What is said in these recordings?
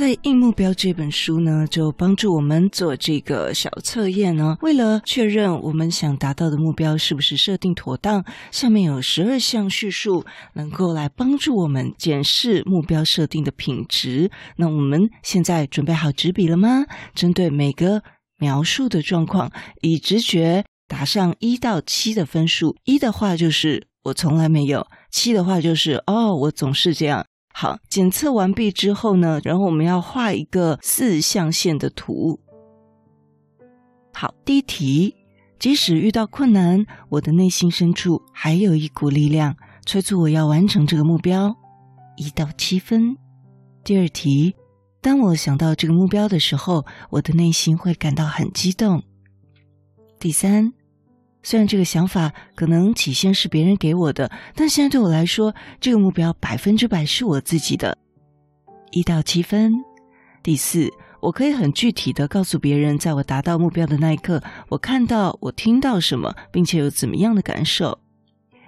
在硬目標這本書呢，就幫助我們做這個小測驗哦。為了確認我們想達到的目標是不是設定妥當，下面有十二項敘述，能夠來幫助我們檢視目標設定的品質。那我們現在準備好紙筆了嗎？針對每個描述的狀況，以直覺打上一到七的分數，一的話就是我從來沒有，七的話就是哦，我總是這樣。好，檢測完畢之後呢，然後我們要畫一個四象限的圖。好，第一題，即使遇到困難，我的內心深處還有一股力量催促我要完成這個目標，一到七分。第二題，當我想到這個目標的時候，我的內心會感到很激動。第三。雖然這個想法可能起先是別人給我的，但現在對我來說，這個目標百分之百是我自己的。一到七分。第四，我可以很具體的告訴別人，在我達到目標的那一刻，我看到、我聽到什麼，並且有怎麼樣的感受。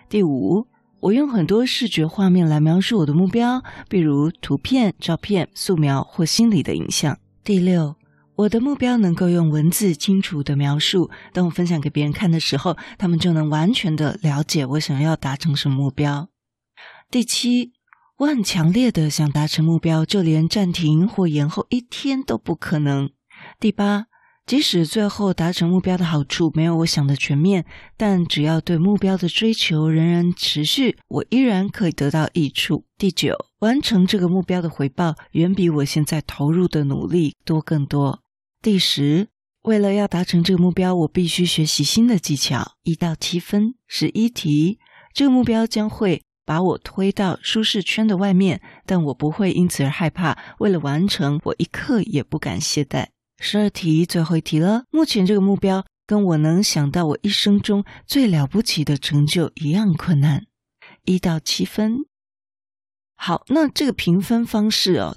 第五，我用很多視覺畫面來描述我的目標，比如圖片、照片、素描或心理的影像。第六。我的目標能夠用文字清楚的描述，當我分享給別人看的時候，他們就能完全的了解我想要達成什麼目標。第七，我很強烈的想達成目標，就連暫停或延後一天都不可能。第八，即使最後達成目標的好處沒有我想的全面，但只要對目標的追求仍然持續，我依然可以得到益處。第九，完成這個目標的回報遠比我現在投入的努力多更多。第十，為了要達成這個目標，我必須學習新的技巧。一到七分，十一題。這個目標將會把我推到舒適圈的外面，但我不會因此而害怕。為了完成，我一刻也不敢懈怠。十二題，最後一題了。目前這個目標跟我能想到我一生中最了不起的成就一樣困難。一到七分，好，那這個評分方式哦。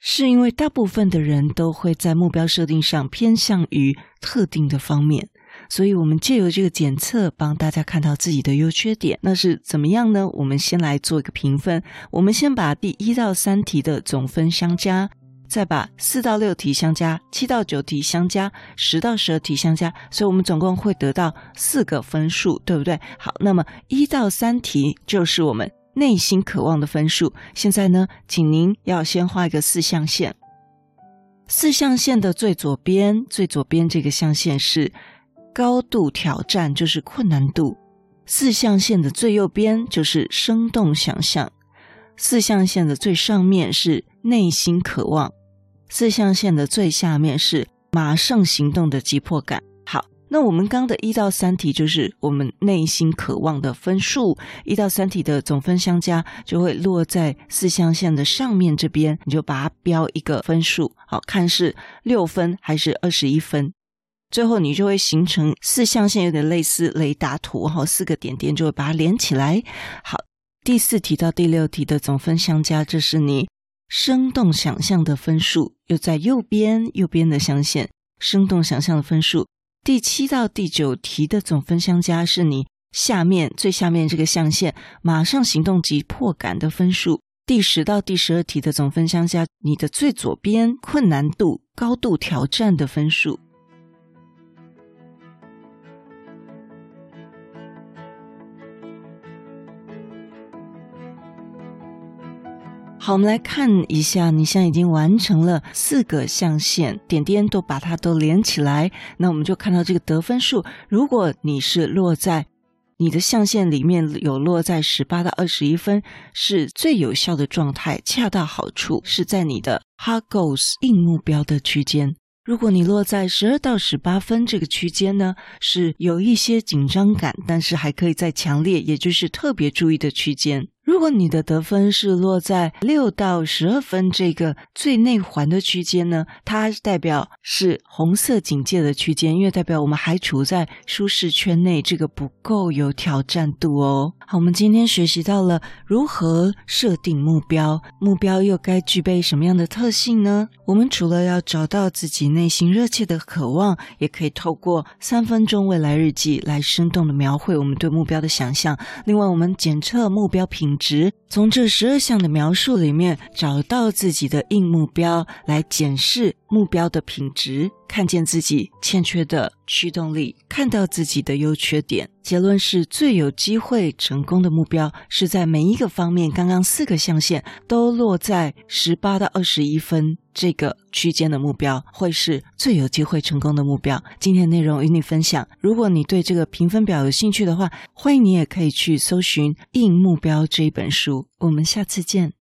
是因為大部分的人都會在目標設定上偏向於特定的方面，所以我們借由這個檢測幫大家看到自己的優缺點。那是怎麼樣呢？我們先來做一個評分，我們先把第一到三題的總分相加，再把四到六題相加，七到九題相加，十到十二題相加，所以我們總共會得到四個分數，對不對？好，那麼一到三題就是我們。內心渴望的分數，現在呢，請您要先畫一個四象限。四象限的最左邊，最左邊這個象限是高度挑戰，就是困難度；四象限的最右邊就是生動想象；四象限的最上面是內心渴望；四象限的最下面是馬上行動的急迫感。那我們剛剛的一到三題就是我們內心渴望的分數，一到三題的總分相加就會落在四象限的上面這邊，你就把它標一個分數，好，看是六分還是二十一分，最後你就會形成四象限有點類似雷達圖哈，四個點點就會把它連起來。好，第四題到第六題的總分相加，這是你生動想象的分數，又在右邊，右邊的象限，生動想象的分數。第七到第九題的總分相加，是你下面最下面這個象限，馬上行動急迫感的分數。第十到第十二題的總分相加，你的最左邊困難度高度挑戰的分數。好，我們來看一下，你現在已經完成了四個象限，點點都把它都連起來。那我們就看到這個得分數，如果你是落在你的象限裡面，有落在十八到二十一分是最有效的狀態，恰到好處是在你的 hard goals 硬目標的區間。如果你落在十二到十八分這個區間呢，是有一些緊張感，但是還可以再強烈，也就是特別注意的區間。如果你的得分是落在六到十二分這個最內環的區間呢，它代表是紅色警戒的區間，因為代表我們還處在舒適圈內，這個不夠有挑戰度哦。好，我們今天學習到了如何設定目標，目標又該具備什麼樣的特性呢？我們除了要找到自己內心熱切的渴望，也可以透過三分鐘未來日記來生動的描繪我們對目標的想象。另外，我們檢測目標品品質，從這十二項的描述裡面找到自己的硬目標，來檢視目標的品質，看見自己欠缺的驅動力，看到自己的優缺點。結論是最有機會成功的目標，是在每一個方面剛剛四個象限都落在十八到二十一分這個區間的目標，會是最有機會成功的目標。今天的內容與你分享，如果你對這個評分表有興趣的話，歡迎你也可以去搜尋《硬目標》這一本書。我們下次見。